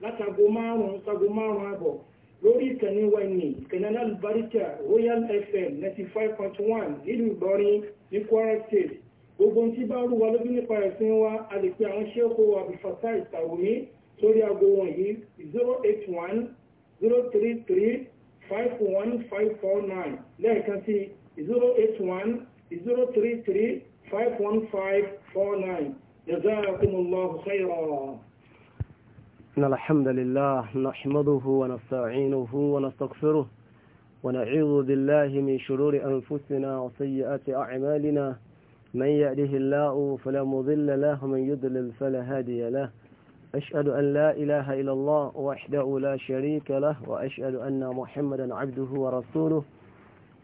látago márùn-ún sago márùn-ún àbọ̀ lórí ìkànnì wẹ̀nì ìkànnì alùbáríkà royal fm ninety five point one nílùú ìgbọ́rin ní kwara state gbogbo ohun tí bá rú wa lójú nípa ẹ̀sìn wa a lè pe àwọn ṣéèkó abdulfata ìtàwùmí sórí aago wọ̀nyí zero eight one zero three three five one five four nine lẹ́ẹ̀kan sí zero eight one zero three three five one five four nine jazakumullahu khairan. إن الحمد لله نحمده ونستعينه ونستغفره ونعوذ بالله من شرور أنفسنا وسيئات أعمالنا من يأله الله فلا مضل له ومن يضلل فلا هادي له أشهد أن لا إله إلا الله وحده لا شريك له وأشهد أن محمدا عبده ورسوله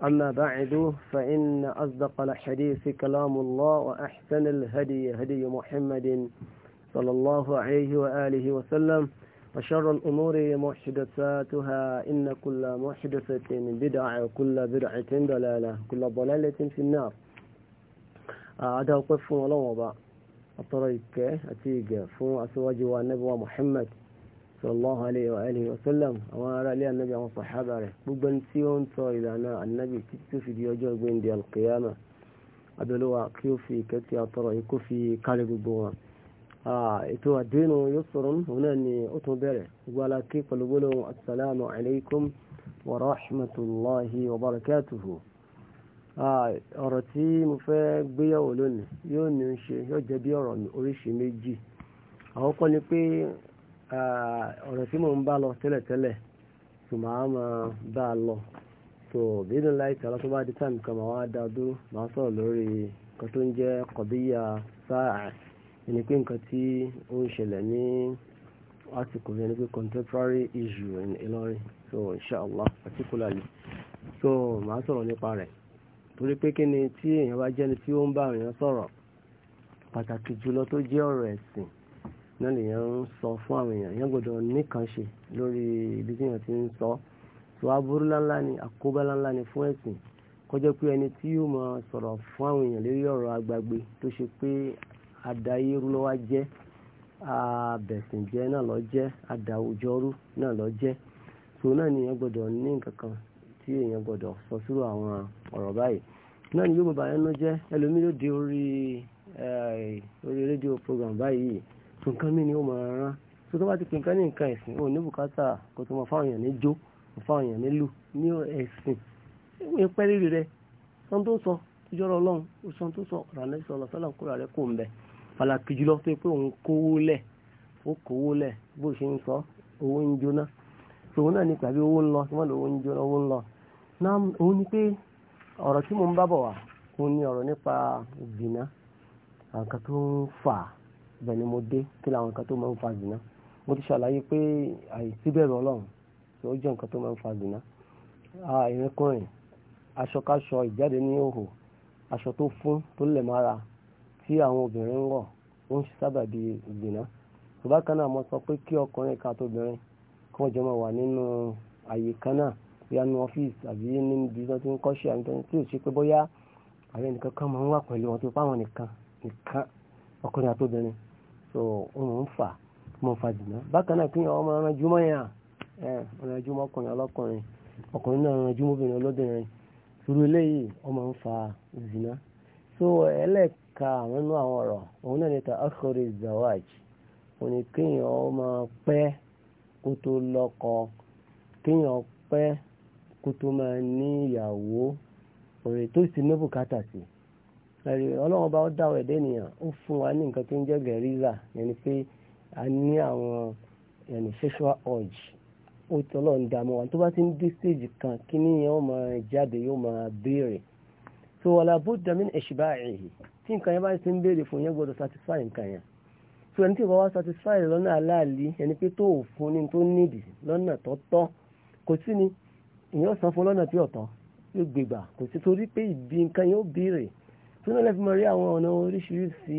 أما بعد فإن أصدق الحديث كلام الله وأحسن الهدي هدي محمد صلى صلى الله عليه وآله وسلم وشر الأمور محدثاتها إن كل محدثة بدعة وكل بدعة ضلالة كل ضلالة في النار هذا وقف ولا وضع الطريق أتيق فو أسواج والنبي محمد صلى الله عليه وآله وسلم وأرى لي النبي وصحابه ببن سيون صيدنا النبي تتفي في يوجه بين دي القيامة أدلوا كيو في كتي أطرع كفي ببوان ètò àdínú yusrun òun náà ni ó tún bẹ̀rẹ̀ gbala kí pẹ̀lú gbólóhùn assalamu alaikum wa rahmatulahi wa barakatuhu ọ̀rọ̀ tí mo fẹ́ gbéyàwó lónìí yóò ní ń ṣe yóò jẹ́ bí ọ̀rọ̀ oríṣi méjì àkọ́kọ́ ni pé ọ̀rọ̀ tí mò ń bá lọ tẹ́lẹ̀tẹ́lẹ̀ tó máa ma bá a lọ tó bínú láìka lọ́tọ́ bá di táìmù kan máa wá dá dúró máa sọ̀rọ̀ lórí kan tó ń jẹ́ kọ̀díyà sáà ẹni pé nǹkan tí ó ń ṣẹlẹ̀ ní àsìkò yẹn ni pé contemporary issue in Ìlọrin so inshallah particularly so màá sọ̀rọ̀ nípa rẹ̀ torí pé kí ni tí èèyàn bá jẹ́ni tí ó ń bá èèyàn sọ̀rọ̀ pàtàkì jùlọ tó jẹ́ ọ̀rọ̀ ẹ̀sìn náà lèèyàn ń sọ fún àwọn èèyàn yẹn gbọ́dọ̀ nìkan ṣe lórí ibi tí èèyàn ti ń sọ tó aburú ńláńlá ni àkóbá ńláńlá ni fún ẹ̀sìn kọjá pé ẹni tí yóò máa sọ̀rọ̀ fún àwọn èèyàn lórí ọ̀rọ̀ àgbàgbé tó ṣe pé adayérú lọ́wọ́ jẹ́ abẹ̀sìnjẹ́ náà lọ́ jẹ́ adáwùjọ́rú náà lọ́ jẹ́ so náà ni èèyàn gbọ́dọ̀ ní nǹkan kan tí èèyàn gbọ́dọ̀ sọ sírò àwọn ọ̀rọ̀ báyìí náà ni yóò bọ̀ bàyẹn náà jẹ́ di orí eh, orí program báyìí tó nǹkan mí ni ó mọ̀ rán tó tó bá ti pè nǹkan ní nǹkan ẹ̀sìn ò ní bùkátà kó tó mọ fáwọn èèyàn ní jó fáwọn èèyàn ní ẹ̀sìn sọ́n pàlàkì jùlọ tó yẹ pé òun kówó lẹ̀ ó kówó lẹ̀ bó ṣe ń sọ owó ń jóná ṣòwò náà ní pàbí owó ń lọ tí wọ́n lọ owó ń jóná owó ń lọ náà òun ni pé ọ̀rọ̀ tí mo ń bábọ̀ wá òun ni ọ̀rọ̀ nípa zina àwọn tó ń fà bẹ́ẹ̀ ni mo dé kí làwọn kan tó máa ń fa zina mo ti ṣàlàyé pé àìsíbẹ̀rù ọlọ́run tí ó jẹ́ nǹkan tó máa ń fa zina ìrìnkùnrin aṣọkáṣọ ìjáde ní òhò aṣọ tó fún tó lẹ̀ mára tí àwọn obìnrin ń wọ̀ ó ń sábà di ìgbìnà kan sọ pé kí ọkùnrin ká tóbìnrin kí jọ máa wà nínú àyè kan náà bóyá ní ọ́fíìsì àbí níbi ti ń kọ́ṣẹ́ tó ò ṣe pé bóyá àwọn ẹnìkan kan máa ń wà pẹ̀lú wọn tó fáwọn nìkan nìkan ọkùnrin àtòbìnrin ń fà fà bákan so ẹlẹ́ka ka àwọn ọ̀rọ̀ òun náà ta akhori zawaj òní kéèyàn máa pẹ́ kó tó lọ́kọ pẹ́ kó tó máa ní ìyàwó òrè tó sì ní bùkátà sí ẹ̀rí ọlọ́run bá ó dáwọ̀ ẹ̀dẹ́ ó fún wa ní nǹkan tó ń jẹ́ gẹ̀ríza yẹni pé a ní àwọn sexual kan kí ó máa jáde yóò máa so wàlá budda min ishba'ihi tí nǹkan yẹn bá ti ń béèrè fún satisfy nǹkan yẹn so ẹni tí ìwọ wá satisfy lọ́nà aláàlí ẹni pé tó òfun ni tó nídì lọ́nà tọ́tọ́ kò sí ni ìyẹn ọ̀sán fún lọ́nà tí ọ̀tọ̀ yóò gbégbà kò sí torí pé ìbí nǹkan yóò béèrè tó náà lẹ́fí mọ̀ rí àwọn ọ̀nà oríṣiríṣi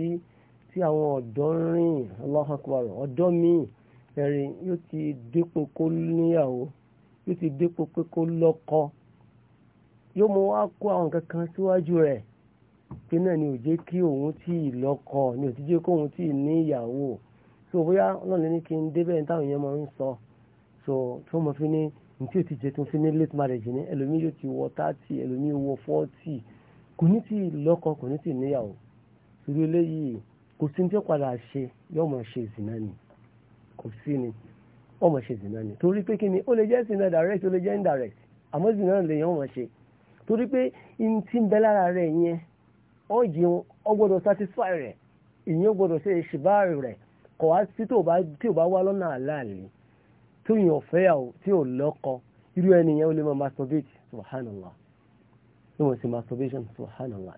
tí àwọn ọ̀dọ́ rìn Allahu Akbar ọ̀dọ́ míì ẹ̀rìn yóò ti dépò kó níyàwó yóò ti dépò pé kó lọ́kọ yóò mú wá kó àwọn nǹkan kan síwájú rẹ̀ pé náà ni ò jẹ́ kí òun tí ì lọ́kọ ni ò ti jẹ́ kóun tí ì ní ìyàwó so bóyá náà lè kí n débẹ̀ táwọn èèyàn máa ń sọ so tó mo fi ní nítí ò ti jẹ́ tó fi ní late marriage ní ẹlòmíì yóò ti wọ thirty ẹlòmíì wọ forty kò ní tí ì lọ́kọ kò ní tí ì níyàwó torí eléyìí kò sí ní tí ó padà ṣe yóò mọ̀ ṣe ìsìnà ni kò sí ni wọ́n mọ̀ ṣe ìsìnà ni torí pé kí ni ó lè jẹ́ ìsìnà direct ó lè jẹ́ indirect àmọ́ ìsìnà lè yẹn wọ́n ṣe. torí pé in ti ń bẹ lára rẹ̀ yẹn ọ jẹun ọ satisfy rẹ̀ ìyẹn ó ṣe ìṣìbá rẹ̀ kọ̀ wá sí tí ò bá wá lọ́nà àlàálì tó yàn fẹ́yàwó tí ò lọ́kọ irú ẹnìyẹn ó lè máa masturbate subhanallah ní wọ́n sì masturbation subhanallah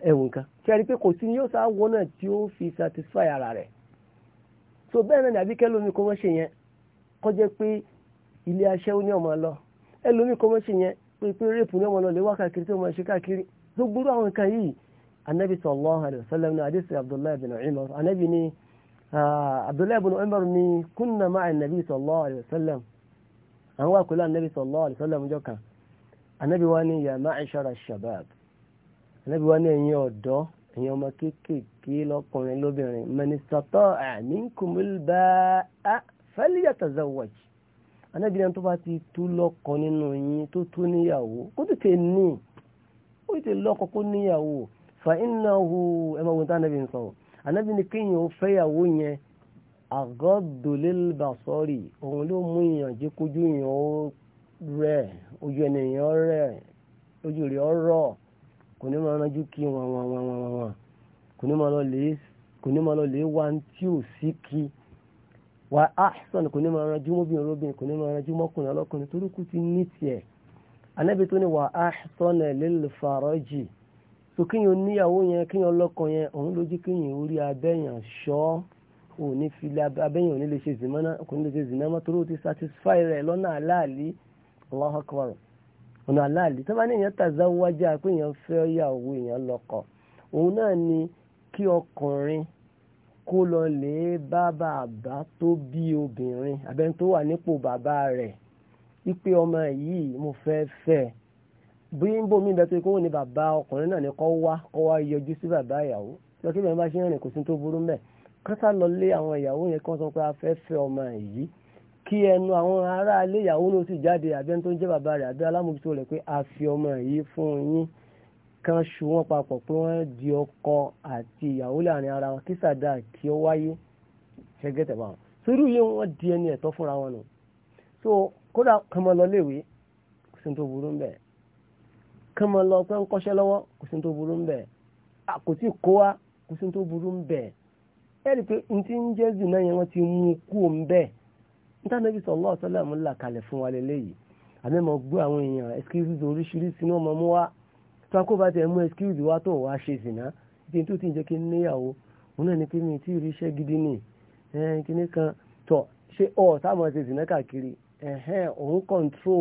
a rí pé kò sí ní yóò sá náà tí fi satisfy ara rẹ̀ so bẹ́ẹ̀ náà ni lómi pé ilé ní ọmọ lọ ẹ pé pé rẹ́pù ní ọmọlọ́lẹ̀ wá káàkiri tí wọ́n máa ṣe káàkiri tó gbúrú àwọn nǹkan yìí anabi sallallahu alayhi wa sallam ní adéṣe abdullahi bin umar anabi ní abdullahi bin umar ní kunna ma'a anabi sallallahu alayhi wa sallam àwọn wà pẹ̀lú anabi sallallahu alayhi wa sallam jọ kan anabi wa ní ya ma'ashara shabab anabi wa ní ẹ̀yin ọ̀dọ́ ọmọ kéékèèké lọ́kùnrin anábìrin tó bá ti tú lọ́kọ nínú yín tó tú níyàwó kó tètè ní ó tètè lọ́kọ kó níyàwó fa innahu ẹ máa wọn tá anábì sọ anábì kéèyàn ó fẹ́yàwó yẹn àgọ́dọ̀lélbàṣọ́rì òun ló mú ìyànjú kójú yẹn ó rẹ̀ ojú ènìyàn rẹ̀ ojú rẹ̀ ọ̀rọ̀ kò ní máa ránjú kí wọn wọn wọn wọn wọn kò ní máa wà áṣàn kò ní máa ranjú mọ́bìnrin olóbìnrin kò ní máa ranjú mọ́kùnrin ọlọ́kùnrin torí kú ti ní tiẹ̀ anábì tó ní wà áṣàn lil faraji so kíyàn níyàwó yẹn kíyàn ọlọ́kọ yẹn òun lójú kíyàn orí abẹ́yàn ṣọ́ ò ní fi abẹ́yàn ò ní lè ṣe zìmọ́nà kò ní lè ṣe zìmọ́nà torí ó ti satisfy rẹ̀ lọ́nà aláàlí Allahu akbar ọ̀nà aláàlí tó bá ní èèyàn tàzáwájá pé èèyàn fẹ́ ni kí kó lọ lè bá bàbá tó bí obìnrin abẹ́ni tó wà nípò bàbá rẹ̀ wípé ọmọ yìí mo fẹ́ fẹ́ bí ń bò mí bẹ́ẹ̀ tó kó ní bàbá ọkùnrin náà ni kọ́ wá kọ́ wá yọjú sí bàbá ìyàwó lọ kí bẹ̀rẹ̀ bá ṣe ń rìn kò sí tó burú mẹ́ kọ́sà lọ lé àwọn ìyàwó yẹn kí wọ́n sọ pé a fẹ́ fẹ́ ọmọ yìí kí ẹnu àwọn ará ìyàwó ló sì jáde àbẹ́ni tó ń jẹ́ bàbá rẹ̀ àbí alámòjútó rẹ̀ pé a fi ọmọ yìí fún yín kan ṣù wọ́n papọ̀ pé wọ́n di ọkọ àti ìyàwó láàrin ara wọn kí sàdá kí ó wáyé ṣẹ́gẹ́tẹ̀ bá sórí yìí wọ́n di ẹni ẹ̀tọ́ fúnra wọn nù so kódà kan mọ lọ léèwé kò sí tó burú ń bẹ̀ kan mọ lọ pé ń kọ́ṣẹ́ lọ́wọ́ kò sí tó burú ń kò tí kó wa kò sí tó burú ń bẹ̀ ẹ rí i pé n ń jẹ́ zù náà yẹn wọ́n ti mú kú òun bẹ́ẹ̀ níta níbi sallallahu alaihi wasallam là fún wa lélẹ́yìí àmì tó akó bá tiẹ̀ mú excuse wá tó wá ṣe zìnà kí n tó ti ń jẹ́ kí n níyàwó òun náà ni pé mi ti rí iṣẹ́ gidi nì kíní kan tọ̀ ṣé ọ̀ táwọn ṣe zìnà káàkiri òun kọ̀ǹtró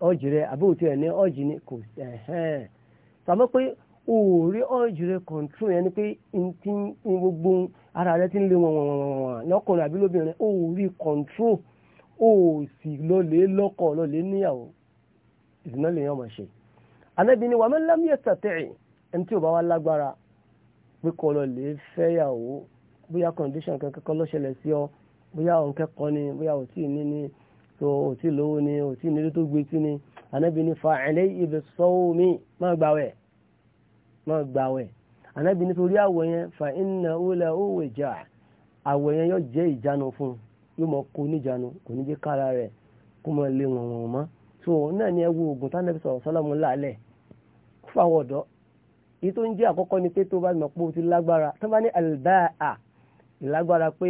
ọ̀jì rẹ̀ àbí òtí ẹ̀ ní ọ̀jì ni kò sàmọ́ pé òòrí ọ̀jì rẹ̀ kọ̀ǹtró yẹn ni pé gbogbo ara rẹ̀ ti ń lé wọn àbí lóbìnrin òòrí òòsì lọkọ níyàwó lè yàn máa ṣe. anábì ni wàmí lam yastati' ẹni tí ò bá wá lágbára pé kọ́ lọ lè fẹ́yàwó bóyá condition kankan kọ́ ló ṣẹlẹ̀ sí ọ bóyá òun kẹ́kọ̀ọ́ ni bóyá ò ní ni tó ò tí ì lówó ni ò tí ì nílé tó gbé sí ni anábì ni fa alayhi bis-sawmi má gbàwẹ̀ má gbàwẹ̀ anábì nítorí àwọ̀ yẹn fa innahu lahu wija' àwọ̀ yẹn yóò jẹ́ ìjánu fún yóò mọ kó níjánu kò ní jẹ́ kára rẹ̀ kó mọ lé wọn wọn mọ́ so náà ni ẹ wo oògùn tánàbí sọ̀rọ̀ sọ́lọ́mù lálẹ́ fáwọn ọ̀dọ́ èyí tó ń jẹ́ àkọ́kọ́ ni pé tó bá mọ̀ pé o ti lágbára tó bá ní àlùbáà ìlágbára pé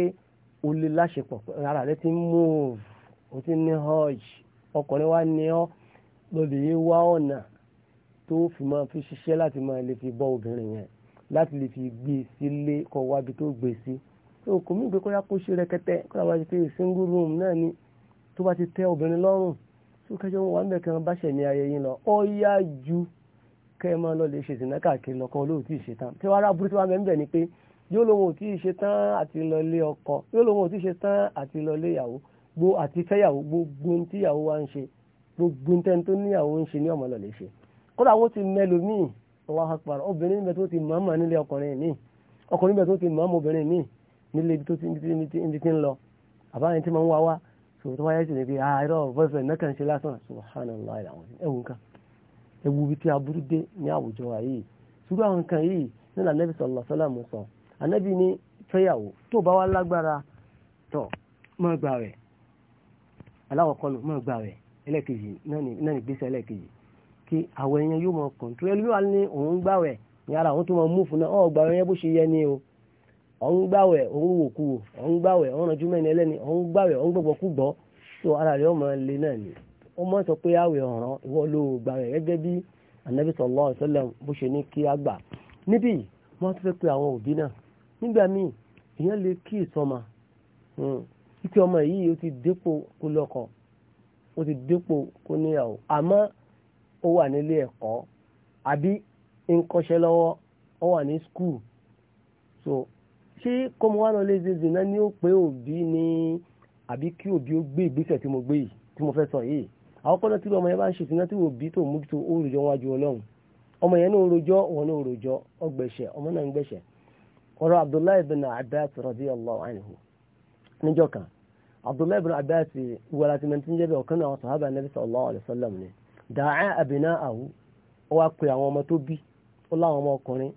o lè láṣepọ̀ ara rẹ ti ń move o ti ní hajj ọkùnrin wa ní ọ lọ́dọ̀ yìí wá ọ̀nà tó fi máa fi ṣiṣẹ́ láti máa lè fi bọ́ obìnrin yẹn láti lè fi gbé e sílé kọ wábi tó gbé e sí òkú mi gbé kóyá kó ṣe rẹkẹtẹ kó làwọn ti pé single room náà ni tó bá ti tẹ obìnrin lọ́rùn tó kẹjọ wọn wà ń bẹ̀ kí wọn bá ṣẹ̀ ní ayẹyẹ lọ ó yá ju kẹ́ ẹ máa lọ lè ṣe ìsìnná káàkiri lọ́kọ́ olóòtú ìṣetán tí wàá rábúrú tí wàá mẹ́ńbẹ̀ ni pé yóò lóun ò tí ì ṣetán àti lọ lé ọkọ yóò lóun ò tí ì ṣetán àti lọ lé ìyàwó gbó àti fẹ́yàwó gbogbo ohun tí ìyàwó wa ń ṣe gbogbo ohun tẹ́ni tó níyàwó ń ṣe ní ọmọ lọ lè ṣe kódà wọ́n ti mẹ́lò míì wọ́n á pàrọ̀ obìnrin níbẹ̀ tó ti mọ̀ọ́mọ̀ nílé ọkùnrin míì ọkùnrin níbẹ̀ tó ti mọ̀ọ́mọ̀ ewu bí tí aburú dé ní àwùjọ wa yìí ṣùgbọ́n àwọn nǹkan yìí nínú anabi sọlọ sọlámù sọ anabi ní fẹ́yàwó tó bá wá lágbára tọ mọ gbà rẹ aláwọ̀kọ́ nù mọ gbà rẹ ẹlẹ́kejì náà ní gbèsè ẹlẹ́kejì kí àwọn èèyàn yóò mọ kọ̀ǹtú ẹlẹ́wà ní òun gbà rẹ ní ara àwọn tó mọ mú fún náà ọ̀ gbà rẹ yẹn bó ṣe yẹ ni o ọ̀n gbàwẹ̀ òun wò kú wò ó mọ̀ sọ pé àwẹ̀ ọ̀ràn ìwọ ló gbà rẹ̀ gẹ́gẹ́ bí anabi sallallahu alaihi wasallam bó ṣe ní kí á gbà níbí wọ́n tún fẹ́ pé àwọn òbí náà nígbà míì èèyàn lè kí ìsọmọ títí hmm. ọmọ yìí ó ti dépò kó lọ́kọ ó ti dépò kó níyàwó àmọ́ ó wà nílé ẹ̀kọ́ àbí ń lọ́wọ́ ó wà ní skul so ṣé kọ́mọ wa lọ lé zèzè náà ni ó pé òbí ni àbí kí òbí ó gbé ìgbésẹ̀ tí mo gbé yìí tí mo fẹ́ sọ yìí àwọn kọ́nà tí ọmọ yẹn bá ń ṣètìná tí wò bí tó mójútó ó rojọ́ wájú ọlọ́run ọmọ yẹn náà rojọ́ òun náà rojọ́ ọgbẹ̀ṣẹ̀ ọmọ náà ń gbẹ̀ṣẹ̀ ọ̀rọ̀ abdullahi bin abbas radiyallahu anhu níjọ́ kan abdullahi bin abbas wà láti mẹ́tí ń jẹ́bẹ̀ ọ̀kan àwọn sàhábà nabi sallallahu alayhi wa sallam ni dàá àbínà àwù ó wá pe àwọn ọmọ tó bí ó láwọn ọmọ ọkùnrin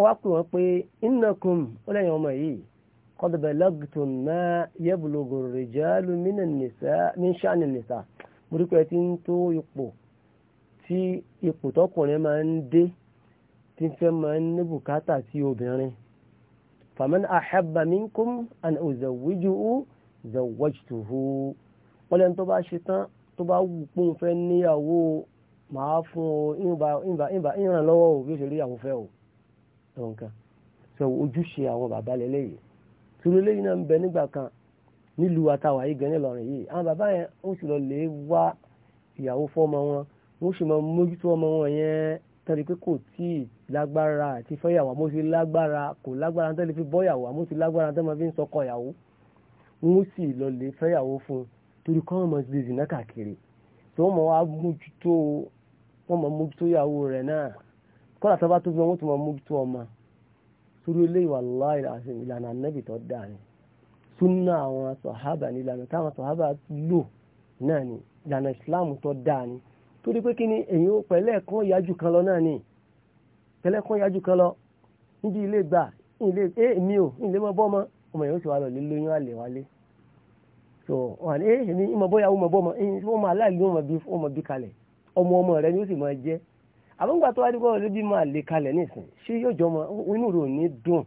wọ́n wá pè wọ́n pé innakum ó lẹ́yìn ọmọ yìí qad balagtum ma yablugu rijalu minan nisa min sha'ni nisa mo rí pé ẹ ti ń tó ipò tí ipò tọkùnrin máa ń dé tí ń fẹ́ máa ń ní bùkátà sí obìnrin faman ahabba minkum an uzawwijuhu zawwajtuhu wọ́n lẹ́nu tó bá ṣe tán tó bá wù pé òun fẹ́ níyàwó màá fún ọ ìrànlọ́wọ́ ò bí ìyàwó fẹ́ o àwọn kan sọ ojúṣe àwọn bàbá lélẹ́yìí tìrú lẹ́yìn náà ń bẹ nígbà kan nílùú àtàwà yìí gan nílọrin yìí àwọn bàbá yẹn ó sì lọ lè wá ìyàwó fọ́mọ wọn wọ́n sì máa mójútó ọmọ wọn yẹn tẹ́lẹ̀ pé kò tí ì lágbára àti fẹ́yàwó àmọ́ sí lágbára kò lágbára tẹ́lẹ̀ fi bọ́yàwó àmọ́ sí lágbára tẹ́lẹ̀ fi ń sọkọ ìyàwó wọ́n sì lọ lè fẹ́yàwó fún torí kọ́ ọmọ sí lè zìnà káàkiri tí wọ́n máa wá mójútó wọ́n máa mójútó ìyàwó rẹ̀ náà kọ́lá tó bá tó bí Ọma, tó máa mójútó ọmọ sórí ilé ìwà láì àti ìlànà nẹ́bì tó dáa ni súnà àwọn sọ̀hábà ní ìlànà táwọn sọ̀hábà lò náà ni ìlànà ìsìláàmù tó dáa ni torí pé kí ni èyí ó pẹ̀lẹ́ kan yájú kan kan yájú kan lọ níbi ilé mi ò ilé mọ bọ́ mọ ọmọ yẹn ó sì so ẹ ní ìmọ̀ bọ́ ọmọ ọmọ ọmọ rẹ ni ó sì àbúgbà tó wá dé bọ́ọ̀ lóbi máa lè kalẹ̀ nísìn ṣé yóò jọ ọmọ inú rẹ̀ ò ní dùn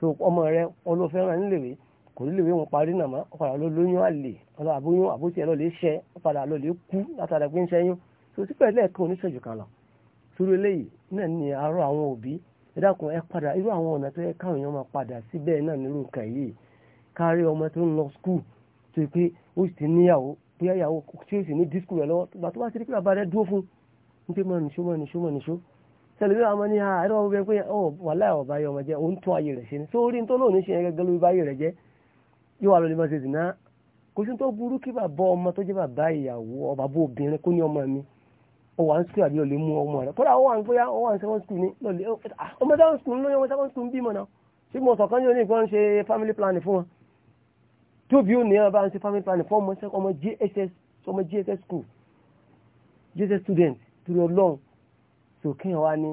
tó ọmọ rẹ ọlọ́fẹ́ràn níléèwé kò níléèwé wọn parí nàmá ọ̀padà ló lóyún àlè ọlọ́ àbóyún àbótí ẹ̀ lọ lè ṣẹ́ ọ̀padà lọ lè kú látara pé ń ṣẹ́yún tó sí pẹ̀lẹ́ kan oníṣẹ́jú kan lọ. sórí eléyìí náà ni àárọ̀ àwọn òbí ẹ dákun ẹ padà irú àwọn ọ̀nà tó yẹ káwọn èèyàn máa padà síbẹ̀ náà nírú nǹkan yìí kárí ọmọ tó ń lọ skul tó yẹ pé ó sì ti níyàwó bóyá ìyàwó tí ó sì ní dísùkù rẹ lọ́wọ́ nítorí mọ̀ nìṣó mọ̀ nìṣó mọ̀ nìṣó sẹlẹ̀bí àwọn ní àárẹ̀ wọn bẹ pé ọ oh, wàhálà ẹ̀ ọ̀bá yọmọ jẹ òun tún ayé rẹ̀ ṣe ni sórí tó lóun ní ṣe yẹn gẹ́gẹ́ ló bá ayé rẹ̀ jẹ yóò wà lọ́ọ́ lè má ṣe zìnà kò sí tó burú kí bàbá ọmọ tó jẹ́ bàbá ìyàwó ọba bó obìnrin kó ní ọmọ mi ó wà ń sùkúl àbí lọ́ọ́ lè mú ọmọ rẹ̀ kódà ó wà ń bóyá ó wà ah, ń sẹ́wọ́n sùkúl ní lọ́ọ̀lẹ́ ọmọ sẹ́wọ́n sùkúl ní ọmọ sẹ́wọ́n sùkúl bímọ náà ṣé mo sọ kan yóò ní ìfọ́n ṣe family planning fún wọn tí òbí ò ní ọba ń ṣe family planning fún ọmọ jss ọmọ jss school jss student torí ọlọ́run tí ò kéèyàn wá ní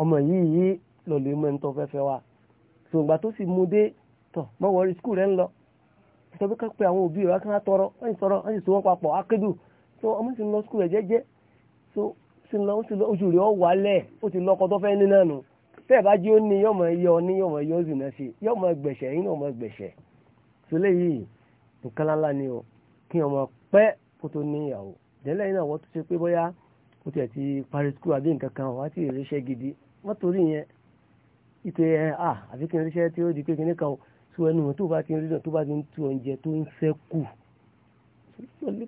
ọmọ yìí yìí lọ́lẹ̀ mọ́ ẹni tó fẹ́ fẹ́ wa ṣùgbọ́n tó sì mú dé tọ̀ mọ́ wọrí skul rẹ̀ ń lọ sọ pé kápẹ́ àwọn òbí rẹ̀ kan tọrọ wọ́n sì sọ̀rọ̀ wọ́n sì so wọ́n papọ̀ akédù tó ọmọ sì ń lọ skul rẹ̀ jẹ́jẹ́ tó sì ń lọ ó sì lọ ojú rẹ̀ ọ wà lẹ̀ ó ti lọ́kọ tó fẹ́ ní náà nù tẹ́ ẹ̀ bá jí ó ní yọ̀mọ̀ yọ ní yọ̀mọ̀ yọ ni o kí ọmọ pẹ́ kó tó níyàwó dẹ́lẹ́yìn náà wọ́n ó tiẹ̀ ti parí skul àbí nǹkan kan wá tí ìrìnsẹ́ gidi wọ́n torí yẹn ìpè ẹ à àfi kí n ríṣẹ́ tí ó di pé kíní kan o tó ẹnu tó bá ti ń rídàn tó bá ti ń tu oúnjẹ tó ń fẹ́ kù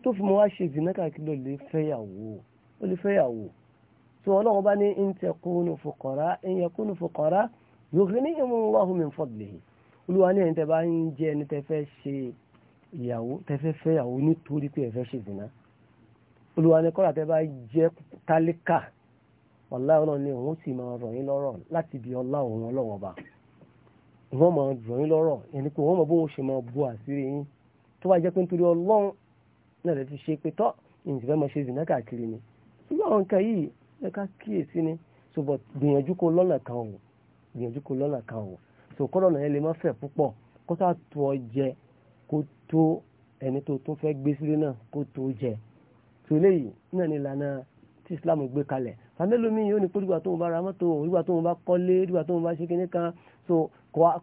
tó fi mọ́ wá ṣe ìdìnnà káàkiri ló lè fẹ́yàwó ó lè fẹ́yàwó tó ọlọ́run bá ní ń tẹ kúnnù fòkànrá ń yẹ kúnnù fòkànrá yóò fi ní ìmú wàhùn mi fọ́dìlẹ̀ yìí olúwa ní ẹni tẹ bá ń jẹ ẹni tẹ fẹ́ ṣe ìyàwó tẹ fẹ́ fẹ́yàwó nítorí pé ẹ fẹ́ ṣe ìdìnnà olúwa ní kọ́lá tẹ́ bá jẹ́ tálíkà ọ̀la ọlọ́run ni òun sì máa rọ̀ yín lọ́rọ̀ láti ibi ọlá òun ọlọ́wọ́ bá wọ́n máa rọ̀ yín lọ́rọ̀ ẹni pé wọ́n mọ̀ bó wọ́n ṣe máa bu àṣírí yín tó bá jẹ́ pé nítorí ọlọ́run náà lè fi ṣe pé tọ́ ìyìn fẹ́ máa ṣe zìnà káàkiri ni ṣùgbọ́n àwọn nǹkan yìí ẹ ká kíyèsí ni ṣùgbọ́n gbìyànjú kó lọ́nà kan o gbìyànjú kó lọ́nà kan o ṣò kọ́ lọ́nà yẹn lè má fẹ̀ púpọ̀ kó tó ọ jẹ kó tó ẹni tó tún fẹ́ gbé sílé náà kó tó jẹ tó léyìí náà ni ìlànà tí Islam gbé kalẹ̀ fàmílò mi yóò ní pé ìgbà tó ń bá ra mọ́tò ìgbà tó ń bá kọ́lé ìgbà tó ń bá ṣe kíní kan so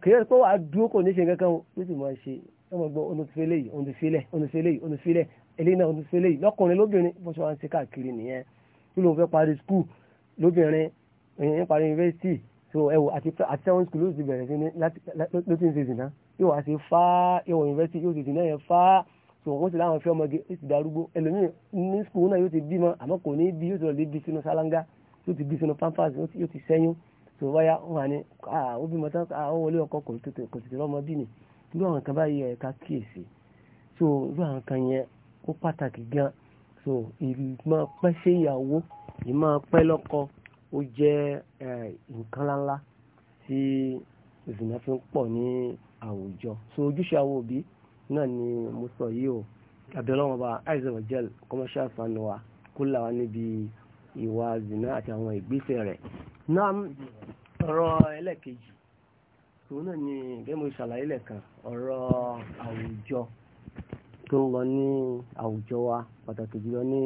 kìí pé wàá dúró kò ní ṣe kankan o ló sì máa ṣe ẹ mọ̀ gbọ́ onúfilẹ̀ yìí onúfilẹ̀ onúfilẹ̀ onúfilẹ̀ eléyìí náà onúfilẹ̀ yìí lọ́kùnrin lóbìnrin bó ṣe wá ń ṣe káàkiri nìyẹn kí ló ń fẹ́ parí skul lóbìnrin èèyàn parí yunifásitì so ẹ wò àti àti sẹ́wọ̀n skul ló ti bẹ̀rẹ̀ sí ní ló ti ń ṣe ìsìn náà yóò wá ṣe fáá yóò wọ yunifásitì yóò ṣe ìsìn náà yẹn fáá so wọ́n ti láwọn fẹ́ ọmọge ó ti darúgbó ẹlòmíì ní skul náà yóò ti bímọ àmọ́ kò ní bí yóò ti lọ lè bí sínú sálángá yóò ti bí sínú pampers yóò ti sẹ́yún tó wáyà wọn àní ó bímọ tán ó wọlé ọkọ kò tètè rọmọ bí ni irú àwọn kan báyìí ẹ̀ka kíyèsí so irú àwọn kan yẹn ó pàtàkì gan so ìmọ̀ pẹ́ ṣe ìyàwó ìmọ̀ pẹ́ lọ́kọ ó jẹ́ nǹkan láńlá tí ìsìnà fi ń pọ̀ ní àwùjọ so ojúṣe àwọn òbí náà ni mo sọ yìí o abdulhamu ọba aizel ojel commercial fan wa kó là wá níbi ìwà zina àti àwọn ìgbésẹ̀ rẹ̀ náà ọ̀rọ̀ ẹlẹ́ẹ̀kejì tòun náà ni gẹ́gẹ́ ìṣàlàyé lẹ́ẹ̀kan ọ̀rọ̀ àwùjọ tó ń lọ ní àwùjọ wa pàtàkì jùlọ ní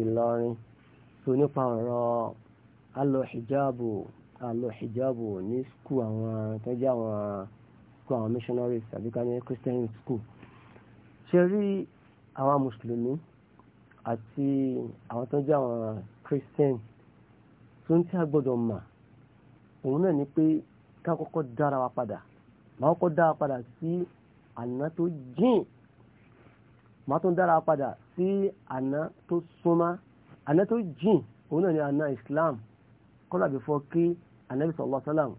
Ìlọrin tó nípa ọ̀rọ̀ alọ́ hijabu alọ́ hijabu ní skul àwọn tó jẹ́ àwọn school àwọn missionaries àbí ká ní christian school ṣe rí àwọn mùsùlùmí àti àwọn tó ń jẹ́ àwọn christian tó ń tí a gbọ́dọ̀ mà òun náà ni pé ká kọ́kọ́ dára wa padà máa kọ́kọ́ dára padà sí àná tó jìn máa tún dára padà sí àná tó súnmọ́ àná tó jìn òun náà ni àná islam kọ́lá bí fọ́ kí anabi sallallahu alaihi wasallam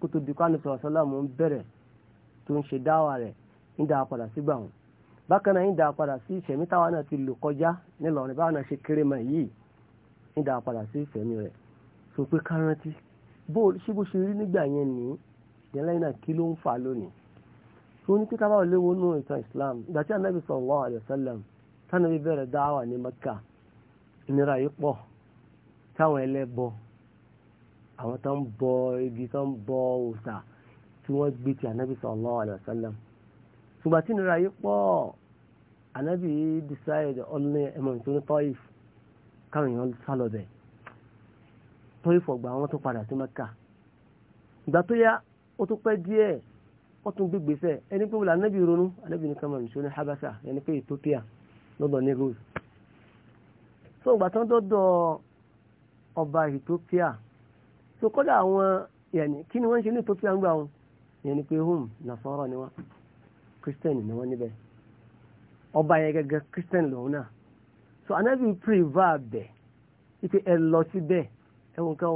kó tó di anabi sallallahu alaihi ń bẹ̀rẹ̀ tó ń ṣe dáwà rẹ̀ ń dá padà sígbà wọn bákan náà ń dá padà sí ìṣẹ̀mí táwa náà ti lò kọjá nílọrin báwa náà ṣe kéré mọ yìí ń dá padà sí ìṣẹ̀mí rẹ̀ sọ pé kárántí bó ṣé bó ṣe rí nígbà yẹn ní ìdẹ́lẹ́yìn náà kí ló ń fà lónìí tó ní kíkà báwo léwu nù ìtàn Islam ìgbà tí anabi sallallahu alaihi wasallam tánàbí bẹ̀rẹ̀ dáwà ní Mẹ́kà ìnira yìí pọ̀ táwọn ẹlẹ́bọ àwọn tó ń bọ igi tó ń bọ òòṣà tí wọ́n gbé ti ànábì sallallahu alaihi wasallam ṣùgbọ́n tí nira yìí pọ̀ ànábì decide ọ̀nà ẹ̀mọ̀ tó ní tọ́ìf káwọn èèyàn sálọ bẹ̀ tọ́ìf ọ̀gbà wọn tó padà sí mẹ́kà ìgbà tó yá ó tó pẹ́ díẹ̀ ó tún gbé gbèsè ẹni pé wọ́n ànábì ronú ànábì ní kàmá nìṣó ní habasa ẹni pé Ethiopia lọ́dọ̀ negroes so ìgbà tó ń dọ́dọ̀ ọba Ethiopia so kọ́dà àwọn yẹn kí ni wọ́n ń ṣe ní Ethiopia ń gbà wọn yẹn ni pé hum nasara ni wọn christian ni wọn níbẹ̀ ọba yẹn gẹ́gẹ́ christian lòun náà so anabi priva bẹ̀ ipe ẹ lọ síbẹ̀ ẹ wọn kàn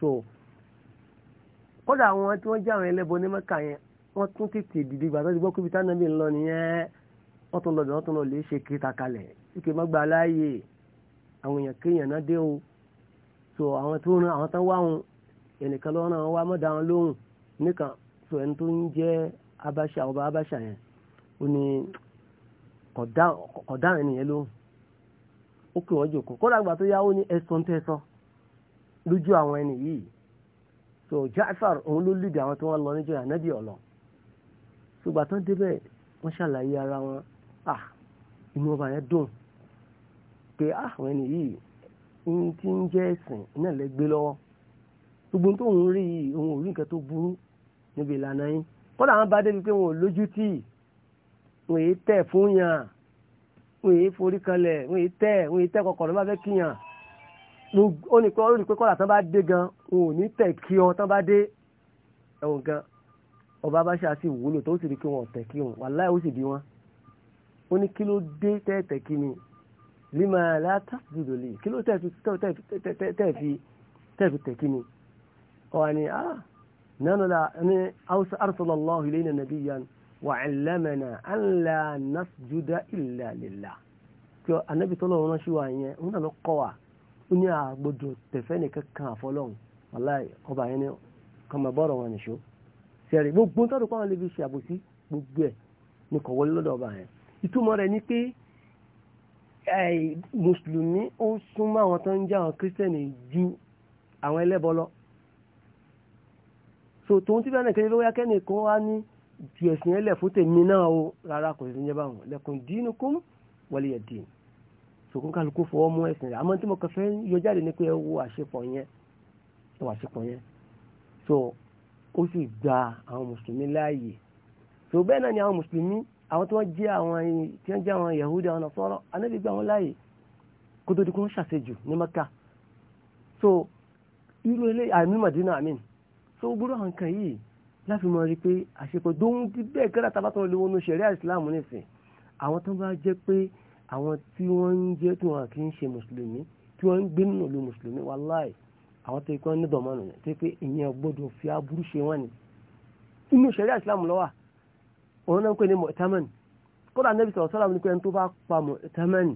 so kódà àwọn tí wọ́n jẹ́ àwọn ẹlẹ́bọ ní mẹ́ka yẹn wọ́n tún tètè dìde gbàtọ́ ti gbọ́ pé peter anabi ń lọ nìyẹn wọ́n tún lọ bẹ̀ wọ́n tún lọ lè ṣe kíta kalẹ̀ ike má gba aláàyè àwọn èèyàn kéèyàn náà dé o so àwọn tó ń ran àwọn tán wá wọn ẹnìkan lọ́wọ́ náà wọ́n wá mọ́dà wọn lóhùn nìkan so ẹni tó ń jẹ́ abáṣà ọba abáṣà yẹn ó ní kọ̀dá ẹnìyẹn lóhùn ó kí wọ́n jòkó kódà gbà tó yá ó ní ẹ̀sán tẹ́ sọ lójú àwọn ẹni yìí so Jaafar òun ló lùdì àwọn tí wọ́n lọ níjọ́ ànábì ọ̀lọ́ ṣùgbà tó débẹ̀ wọ́n ṣàlàyé ara wọn ah inú ọba yẹn dùn pé ah àwọn ẹni yìí ń ti ń jẹ́ ẹ̀sìn náà lẹ́gbẹ́ lọ́wọ́ gbogbo tó ń rí yìí òun ò rí nǹkan tó burú níbi ìlànà yín kódà wọn bá débi pé wọn ò lójú tì wọn èyí tẹ̀ fún yàn wọn èyí forí kanlẹ̀ wọn èyí tẹ̀ wọn èyí tẹ̀ kọkọrọ bá fẹ́ kí yàn ó ní pé ó rí pé kódà tán bá dé gan wọn ò ní tẹ̀ kí ọ tán bá dé ẹwọn gan ọba bá ṣáà sì wúlò tó sì rí pé wọn ò tẹ̀ kí wọn wàláì ó sì bí wọn ó ní kí ló dé tẹ́ẹ̀tẹ̀ kí ni lima látàkùdò lè kí ló tẹ́ẹ̀ fi tẹ́ẹ̀ fi tẹ́ẹ̀ fi tẹ́ẹ̀ kí ni ọ wà ní ah نحن لا يعني أرسل الله إلينا نبيا وعلمنا أن لا نسجد إلا لله النبي صلى الله عليه وسلم هنا لقوا ní àgbòdò tẹ̀fẹ́ nìkan kan àfọlọ́hun wàláì ọba yẹn ni kan máa bọ́rọ̀ wọn nìṣó sẹ́rì gbogbo tó dùn pàwọn lè fi ṣe àbòsí gbogbo ẹ̀ ní kọ̀ wọlé lọ́dọ̀ ọba yẹn ìtumọ̀ rẹ̀ ni pé mùsùlùmí ó súnmọ́ àwọn tó ń jẹ́ àwọn kírísítẹ́nì ju àwọn ẹlẹ́bọ so tòun ti bẹ́ẹ̀ náà kéde ló yá kẹ́ni kan wá ní ti ẹ̀sìn ẹlẹ̀ fún tèmi náà o rárá kò sí ní ẹbá wọn lẹ́kùn dínú kún wọlé ẹ̀ dín sòkún kálukú fọwọ́ mú ẹ̀sìn rẹ̀ àmọ́ tí mo kàn fẹ́ yọ jáde ní pé ẹ wo àṣepọ̀ yẹn ẹ àṣepọ̀ yẹn so ó sì gba àwọn mùsùlùmí láàyè so bẹ́ẹ̀ náà ni àwọn mùsùlùmí àwọn tí wọ́n jẹ́ àwọn tí wọ́n jẹ́ àwọn yahudi àwọn nasọ́rọ̀ anábì gba wọn láàyè kó di kó ń ṣàṣejù ní maka so irú eléyìí àmì màdínà àmín so gbúrò àwọn kan yìí láfi mọ̀ rí pé àṣepọ̀ dóhun ti bẹ́ẹ̀ kẹ́rẹ́ tá a bá tọ́ lé wọnú ṣẹ̀ríà islam nísìn àwọn tó bá jẹ́ pé àwọn tí wọ́n ń jẹ́ tí wọ́n kì í ṣe mùsùlùmí tí wọ́n ń gbé nínú ìlú mùsùlùmí wàláì àwọn tó ikọ́ níbọ̀ mọ́nu yẹn tó pé ìyẹn gbọ́dọ̀ fi aburú ṣe wọ́n ni inú ṣẹ̀ríà islam lọ́wà òun náà ń pè ní mọ̀tẹ́mẹ́n kódà nẹ́bí sọ̀rọ̀ sọ́lá ní pé ẹni tó bá pa mọ̀tẹ́mẹ́n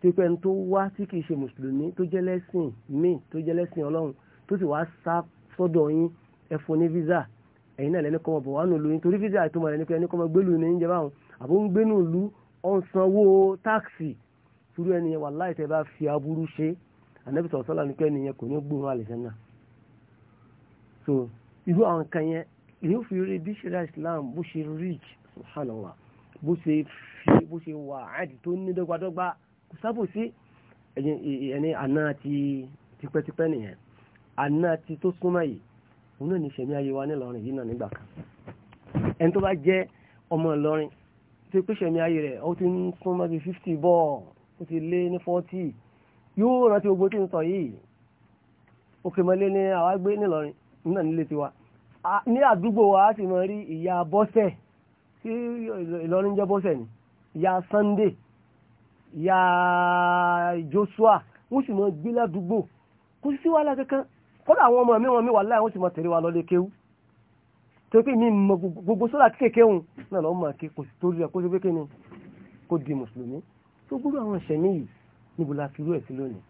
tó pé ẹni tó wá tí kì í ṣe mùsùlùmí tó jẹ́ lẹ́sìn míì tó jẹ́ lẹ́sìn ọlọ́run tó sì wá sá sọ́dọ̀ yín ẹ ní visa ẹ̀yin náà lẹ́ni kọ́ ọ̀bọ̀ wà nílùú yín torí visa àti ọmọ rẹ̀ ní pé ẹni kọ́ ọmọ gbẹ́lú ní ìjẹba àwọn àbó ń gbénú ìlú ọ̀n sanwó táàkì turu ẹni yẹn wàláhì tẹ́ bá fi aburú ṣe ànábì sọ̀rọ̀ sọ́la ní pé ẹni yẹn kò ní gbóhùn àlìjánnà so irú àwọn nǹkan yẹn ìlú fi rí bí ṣẹlẹ Islam bó ṣe rich subhanallah bó ṣe fi bó ṣe wà áàdì tó ní dọ́gbadọ́gba kò sábò sí ẹni àná ti tipẹ́tipẹ́ nìyẹn àná ti tó súnmọ́ yìí òun náà ní ìṣẹ̀mí ayé wa nílọrin yìí náà nígbà kan ẹni tó bá jẹ́ ọmọ ìlọrin tí pé ìṣẹ̀mí ayé rẹ̀ ó ti ń súnmọ́ bíi fifty bọ́ọ̀ ó ti lé ní forty yóò rántí gbogbo tí ń sọ yìí òkè mọ́lé ni àwa gbé nílọrin nínà nílé tiwa ní àdúgbò wa a sì mọ rí ìyá bọ́sẹ̀ tí ìlọrin jẹ́ bọ́sẹ̀ ni ìyá Sunday ìyá Joshua wọ́n sì mọ gbé ládùúgbò kò sí wàhálà kankan kódà àwọn ọmọ mi wọn mi wà láì wọ́n ti mọ tẹ̀lé wa lọ́lé kéwú tó pé mi mọ gbogbo sódà kéèké òun náà lọ́wọ́ máa kò sí torí ẹ̀ kó pé kí ni kó di mùsùlùmí tó gbúrú àwọn ẹ̀ṣẹ̀ níyì níbo la fi rú ẹ̀ sí lónìí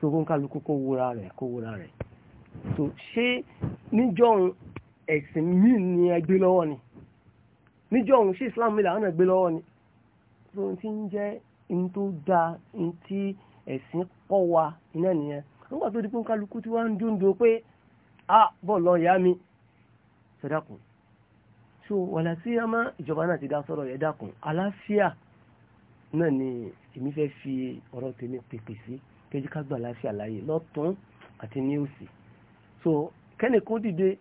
tó kó ń kálukú kó wúra rẹ̀ kó wúra rẹ̀ tó ṣé níjọ́ ẹ̀sìn míì ni ẹ gbé lọ́wọ́ ni níjọ́ òun ṣé Islam mi làwọn ẹ̀ gbé lọ́wọ́ ni tó ti ń jẹ́ n tó dáa n tí ẹ̀sìn kọ́ wa iná nìyẹn nígbà tó di pé kálukú tí wọ́n ń dúndò pé a bọ̀ lọ ìyá mi ṣẹ̀dákùn so wàlá sí àmọ́ ìjọba náà ti dá sọ̀rọ̀ yẹn dákùn àlàáfíà náà ni èmi fẹ́ fi ọ̀rọ̀ tèmi pèpè sí kẹjú ká gbà àlàáfíà láàyè lọ́tún àti ní òsì so kẹ́nì kó dìde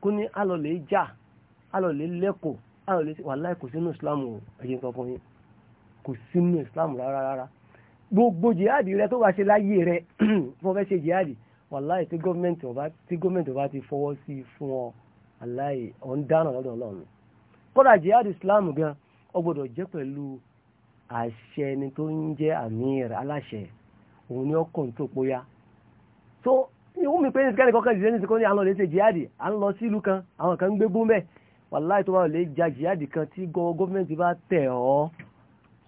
kó ní alọ̀lẹ̀ já alọ̀lẹ̀ lẹ́kọ̀ọ́ alọ̀lẹ̀ wàlá kò sínú Islam o ẹ̀yìn kankan yẹn kò sínú Islam rárá rárá gbogbo jihadi rẹ tó bá ṣe láyé rẹ fún ọfẹ́ ṣe jihadi wàláì tí gọ́ọ̀mẹ̀ntì ọba tí gọ́ọ̀mẹ̀ntì ọba ti fọwọ́ sí i fún ọ aláì ọ̀n dáná lọ́dọ̀ ọlọ́run kódà jihadi islam gan ọ gbọ́dọ̀ jẹ́ pẹ̀lú àṣẹ ẹni tó ń jẹ́ amir aláṣẹ òun ni ọkàn tó poya tó ìwú mi pé ní sikẹ́ni kọ́kọ́ ìdílé ní sikọ́ni àwọn ọ̀lẹ́sẹ̀ jihadi à ń lọ sílùú kan àwọn kan ń gbé gún bẹ́ẹ̀ wàláì tó bá lè ja jihadi kan tí gọ́ọ̀mẹ̀ntì bá tẹ̀ ọ́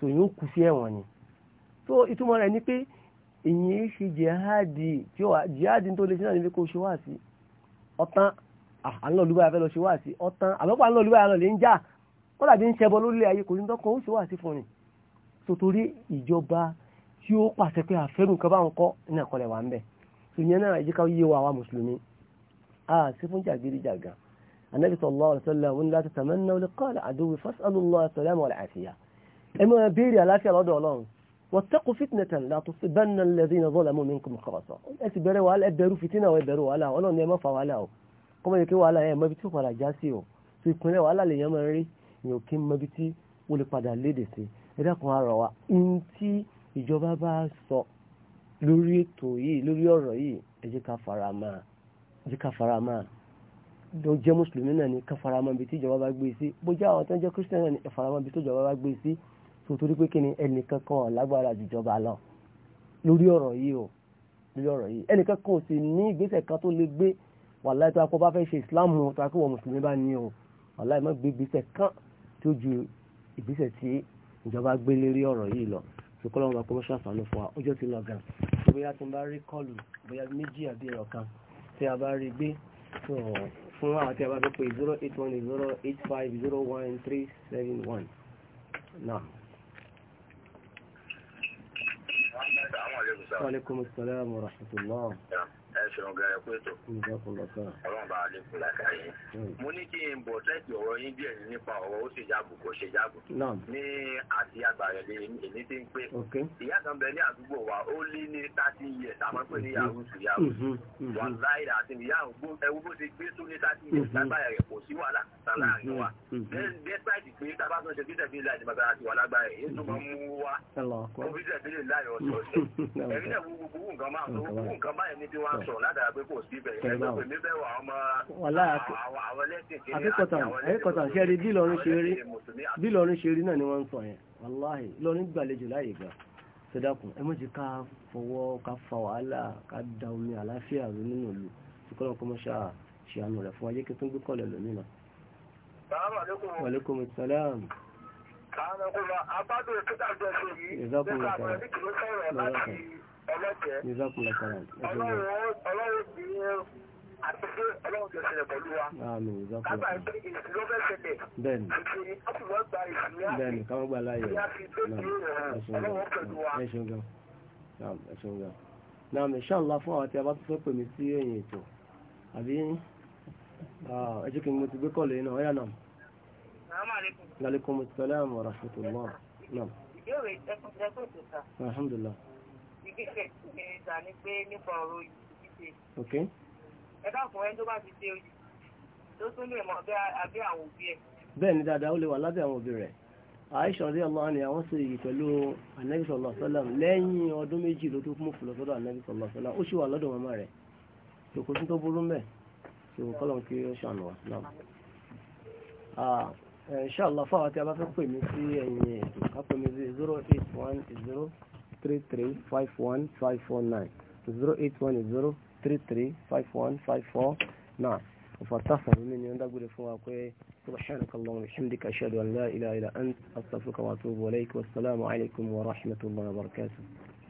tòyún kù sí ẹ̀wọ̀n ni so ìtumọ̀ rẹ̀ ni pé ìyìn ṣe jihadi tí wà jihadi tó lè ṣe náà nílé kó ṣe wá sí ọ̀tán àlọ́lùbáyà fẹ́ lọ ṣe wá sí ọ̀tán àlọ́pàá àlọ́lùbáyà lọ lè ń jà wọ́n dàbí ń ṣẹbọ lórílẹ̀ ayé kò ní tọ́kàn ó ṣe wá sí fún ni so torí ìjọba tí ó pàṣẹ pé àfẹ́rù kan bá ń kọ́ ní ẹ̀kọ́ rẹ̀ wà ń bẹ̀ so ìyẹn náà ìjíká yé wa mùsùlùmí a sí fún jàgídíjàgan anabi sallallahu alaihi wasallam wọn láti tàmẹ́nà olùkọ́ àdúgbò fasalu allah salamu alaihi àfiyà ẹ máa béèrè àlàáfíà lọ́dọ̀ ọlọ́run واتقوا فتنة لا تصيبن الذين ظلموا منكم خاصة ẹ̀sìbẹ̀rẹ̀ wàhálà ẹ̀bẹ̀rù fìtínà ọ̀ ẹ̀bẹ̀rù wàhálà ọlọ́run ni ẹ má fa wàhálà o kọ́mọ yẹ kí wàhálà ẹ̀ mọ́bi tí ó padà já sí o tó ìpínlẹ̀ wàhálà lè yẹn máa rí ni ò kí ń mọ́bi tí ó lè padà léde sí ẹ dákun ara wa ń tí ìjọba bá sọ lórí ètò yìí lórí ọ̀rọ̀ yìí ẹ jẹ́ ká fara máa ẹ jẹ́ ká fara máa ló jẹ́ mùsùlùmí náà ni ká fara máa bí tí ìjọba bá gbé sí bó jẹ́ àwọn tó ń jẹ́ kírísítẹ́nì náà ni ẹ fara máa bí tó ìjọba bá gbé sí so torí pé kíni ẹnìkan kan lágbára jùjọba lọ lórí ọ̀rọ̀ yìí o lórí ọ̀rọ̀ yìí ẹnìkan kan ò sì ní ìgbésẹ̀ kan tó lè gbé wàláì tó akọ bá fẹ́ ṣe islam o tó akọ wọ mùsùlùmí bá ní o wàláì má gbé ìgbésẹ̀ kan tó ju ìgbésẹ̀ tí ìjọba gbé lérí ọ̀rọ̀ yìí lọ sùkúlọ̀ wọn bá kọ́ mọ́ṣáà sànú fún wa ọjọ́ ti lọ gan bóyá tí n bá rí kọlù bóyá méjì àbí ẹ̀rọ kan tí a bá rí gbé fún àwọn tí a zero eight one zero eight five zero one three seven one وعليكم السلام ورحمة الله نعم. ẹ ṣeun gan ẹkú ètò ọlọ́run bá lè kú lákàáyé hmm. mo ní kí n bọ̀ tẹ́tì ọ̀rọ̀ yín díẹ̀ nípa ọ̀rọ̀ ó ṣe jáàbù kò ṣe jáàbù ní àti agbára lè èmi ti ń pé ìyá kan bẹ ní àdúgbò wa ó lé ní thirty years àmọ́ pé ní yahoo to yahoo one láìra àti ìyá àwọn ẹwú bó ṣe gbé tó ní thirty years mhm. lágbára rẹ̀ kò sí wàhálà tán mhm. láàrin wa mhm. despite pé nǹkan máa tó kú nǹkan báyìí níbi wá sọ ládàá pé kò sí ibẹ̀ ẹgbẹ́ pèmí bẹ́ẹ̀ wà ọmọ àwọn ẹlẹ́sìn kiri àti àwọn bí Ìlọrin ṣe rí náà ni wọ́n ń sọ yẹn wàláhì Ìlọrin gbàlejò láyè gbà sọdákun ẹ mọ̀jẹ̀ ká fọwọ́ ká fa wàhálà ká da omi àlàáfíà rú nínú ìlú ìkọlọ̀ kọ́ mọ́ṣá ṣàánú rẹ̀ fún ayé kí gbé kọ́lẹ̀ lómìnà. Wa alaikum salaam àwọn ọkùnrin abádùn ìpínlẹ̀ àjọṣe yìí nípa àwọn ọlọ́jẹ́ ọlọ́run bí àti pé ọlọ́run jọ ṣẹlẹ̀ pẹ̀lú wa kábà pé èsì ló fẹ́ ṣẹlẹ̀ bẹ́ẹ̀ni àti wọ́n gba èsì ní àti bẹ́ẹ̀ni káwọ́ gba láàyè rẹ̀ ọlọ́run pẹ̀lú wa ẹ̀ṣin gan ẹ̀ṣin gan náà inshallah fún àwọn tí a bá tó fẹ́ pè mí sí ẹ̀yìn ètò àbí ẹjọ́ kí n mo ti gbé kọ́ọ̀lù yìí náà ọ̀yà náà. Alaikum salaam wa rahmatullah. Ìbéèrè ẹkùn ti ẹkùn ti ta. Alhamdulillah ìgbésẹ̀ ìgbà ni pé nípa ọ̀rọ̀ ìdíje. ẹ dákun ẹni tó bá ti dé oyè tó tún lè mọ abẹ́ àwọn òbí ẹ̀. bẹ́ẹ̀ ni dáadáa ó lè wà lábẹ́ àwọn òbí rẹ̀ Aisha ọdẹ Ọlọ́run ni àwọn ṣe èyí pẹ̀lú anabi sọlọ sọlọm lẹ́yìn ọdún méjì ló tó mú fúlọ sọ́dọ̀ anabi sọlọ sọlọm ó sì wà lọ́dọ̀ màmá rẹ̀ kò sí tó burú mẹ kò kọlọ kí ó ṣàánú wa náà. Inshallah fáwọn tí a bá fẹ́ pè mí sí ẹ̀yìn ètò ká pè mí sí zero eight one zero three three five one five four nine zero eight one zero three three five one five four nine وفتحنا من يندقل فواقه سبحانك اللهم وبحمدك أشهد أن لا إله إلا أنت أستغفرك وأتوب إليك والسلام عليكم ورحمة الله وبركاته